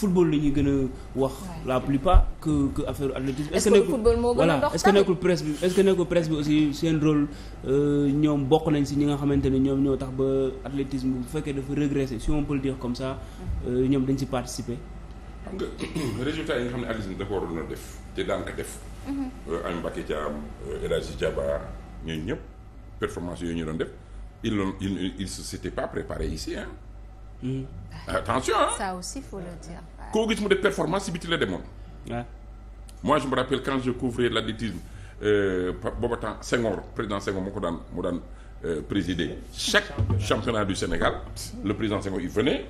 football la ñuy gën a wax la plupart que que affaire athlétisme est-ce que nekkul voilà est-ce que nekkul presse bi est-ce que nekkul presse bi aussi seen rôle euh, ñoom bokk nañ si ñi nga xamante ne ñoom ñoo tax ba athlétisme bu fekkee dafa régressé si on peut le comme ça euh, ñoom dañ si participer xam nga résultat yi nga xam ne athlétisme dafa waroon a def te daan ko def mhm. euh, Amy Mbacké Thiam El Hadji Diaba ñooñu ñëpp performance yooyu ñu doon def ils l'ont ils ils s'étaient pas préparés ici Hmm. attention ah. ça aussi il faut performance si biti la demoon. waaw moi je me rappelle quand je couvrais l'athlétisme euh, booba temps président Senghor moo ko daan mu daan euh, présider chaque championnat du Sénégal le président Senghor il venait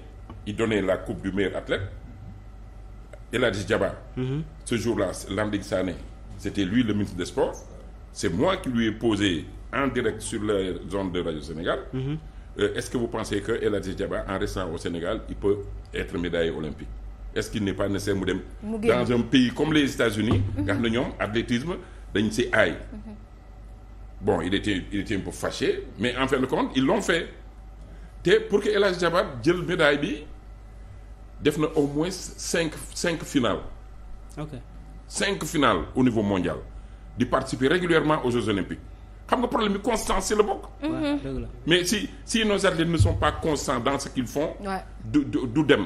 il donnait la coupe du meilleur athlète El Hadji Diaba. Mm-hmm. ce jour-là Landing Sané c'était lui le ministre des sports c'est moi qui lui ai posé en direct sur la zone de Radio Sénégal. Mm-hmm. Euh, est-ce que vous pensez que El Hadji Diaba en restant au Sénégal il peut être médaillé olympique est-ce qu'il n'est pas nécessaire mu dem dans un pays comme les États-Unis nga xam ne ñoom athlétisme dañ si aay mhm. bon il était un peu fâché mais en fin de compte ils l'ont fait te pour que El Hadji Diaba jël médaille bi def na au moins cinq cinq finales ok cinq finales au niveau mondial di participer régulièrement aux Jeux olympiques xam nga problème bi constance ci la bokk. mais si si nos athlètes ne sont pas constants dans ce qu'ils font. du du du dem.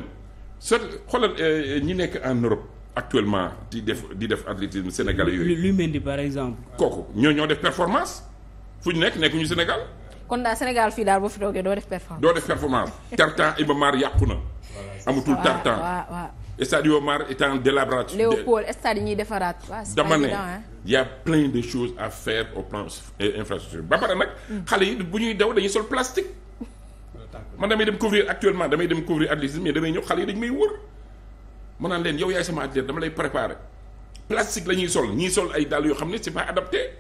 seul xoolal euh, euh, ñi nekk en Europe actuellement di def di def athlétisme sénégalais yooyu. lu mel di par exemple. kooku ñoo ñoo def performance fu ñu nekk ñu Sénégal. kon daal Sénégal fii daal boo fi toogee doo def performance. Tartan Iba Mar yàqu na. amatul Tartan. waaw waaw waaw. stade Iba Mar est en délabrage. Léopold stade yi ñuy defaraat. dama ne. y a de choses à faire au plan euh, infrastructure ba pare nag. xale yi bu ñuy daw dañuy sol plastique. man damay dem couvrir actuellement damay dem couvrir atlétisme mais damay ñëw xale yi dañu may wër. ma naan leen yow yaay sama athlète dama lay préparer plastique la ñuy sol ñuy sol ay dàll yoo xam ne c'est pas adapté.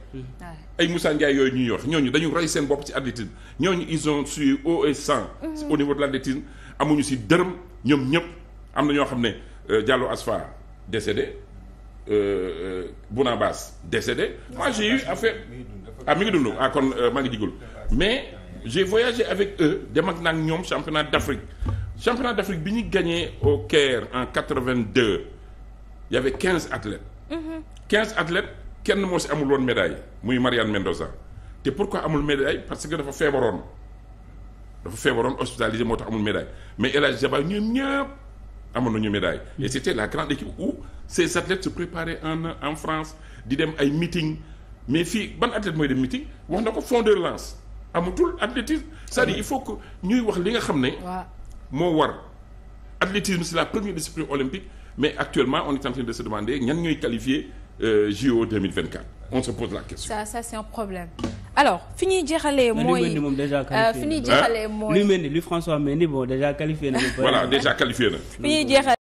ay Moussa Ndiaye yooyu ñuy wax ñooñu dañu rey seen bopp ci athlétisme ñooñu ils ont su haut et sang. Mm-hmm. au niveau amuñu si dërëm ñoom ñëpp am na ñoo xam ne euh, Diallo Asfa décédé. Euh, euh, Bouna Bass décédé moi j'ai eu affaire ah mi ngi dund ah kon maa ngi jigul mais j'ai voyagé avec eux dem ak nag ñoom championnat d'Afrique championnat d'Afrique bi ñu gagné au Caire en vingt deux y avait 15 athlètes. 15 mhm. athlètes kenn moo si amul woon médaille muy Marianne Mendoza te pourquoi amul médaille parce que dafa feebaroon dafa feebaroon hospitalisé moo tax amul médaille mais El a Jaba ñoom ñëpp. amoon nañu médaille et c'était la grande équipe où ces athlètes se préparaient en France di dem ay meeting mais fii ban athlète mooy dem meeting wax na ko fond de relance amatul athlétisme c'est-à-dire il faut que ñuy wax li nga xam ne moo war athlétisme c'est la première discipline olympique mais actuellement on est en train de se demander ñan ñooy qualifier euh, JO on se pose la question ça ça alors fi ñuy jeexalee. mooy moom déjà euh, qualifié fi ñuy jeexalee mooy. li mel ni li François Mendy bon déjà qualifié na. voilà déjà qualifié na. fi ñuy jeexalee.